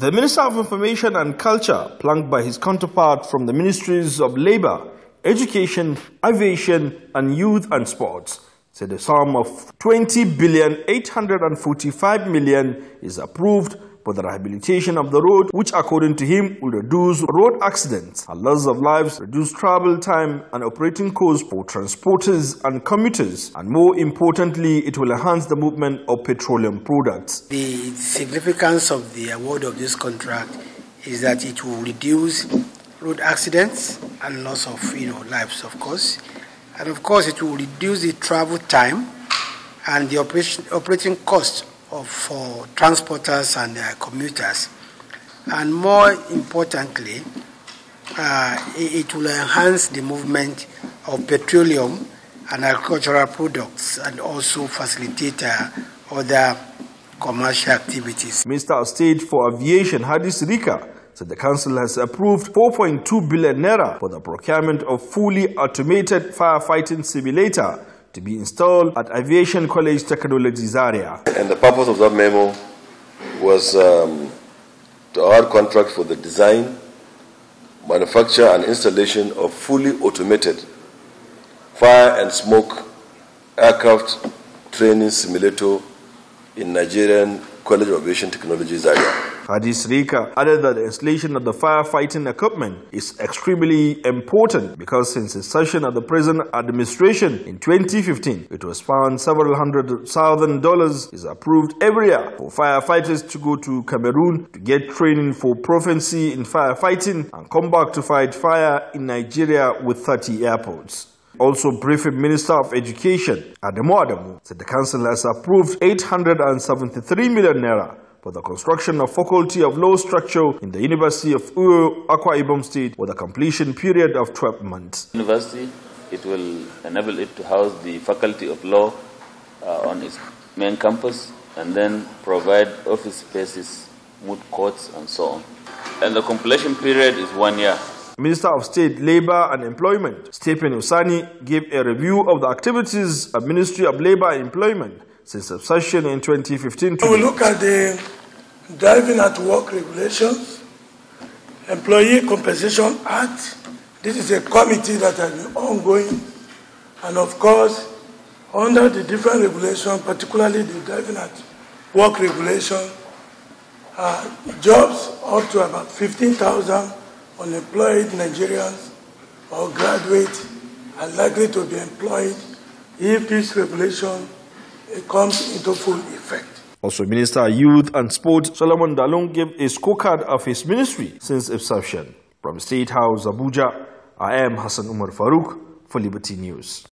The Minister of Information and Culture, plunked by his counterpart from the Ministries of Labour, Education, Aviation and Youth and Sports, said a sum of 20 billion 845 million is approved for the rehabilitation of the road, which according to him will reduce road accidents and loss of lives, reduce travel time and operating costs for transporters and commuters, and more importantly, it will enhance the movement of petroleum products. The significance of the award of this contract is that it will reduce road accidents and loss of you know lives, of course, and of course it will reduce the travel time and the operation, operating costs of, for transporters and uh, commuters. And more importantly, uh, it, will enhance the movement of petroleum and agricultural products and also facilitate uh, other commercial activities. Minister of State for Aviation Hadis Rika said the council has approved 4.2 billion naira for the procurement of fully automated firefighting simulator to be installed at Aviation College Technologies Area, And the purpose of that memo was um, to award contract for the design, manufacture, and installation of fully automated fire and smoke aircraft training simulator in Nigerian College of Aviation Technologies Area. Haji Sirika added that the installation of the firefighting equipment is extremely important because since the session of the present administration in 2015, it was found several hundred thousand dollars is approved every year for firefighters to go to Cameroon to get training for proficiency in firefighting and come back to fight fire in Nigeria with 30 airports. Also, briefing Minister of Education, Ademo said the council has approved 873 million naira for the construction of Faculty of Law structure in the University of Uyo, Akwa Ibom State with a completion period of 12 months. University, it will enable it to house the Faculty of Law uh, on its main campus and then provide office spaces, moot courts and so on. And the completion period is one year. Minister of State Labor and Employment, Stephen Usani, gave a review of the activities of Ministry of Labor and Employment since inception in 2015. We look at the driving at work regulations, Employee Compensation Act. This is a committee that has been ongoing, and of course, under the different regulations, particularly the driving at work regulation, uh, jobs up to about 15,000 unemployed Nigerians or graduates are likely to be employed if this regulation it comes into full effect. Also, Minister of Youth and Sport Solomon Dalong gave a scorecard of his ministry since inception. From State House Abuja, I am Hassan Umar Farouk for Liberty News.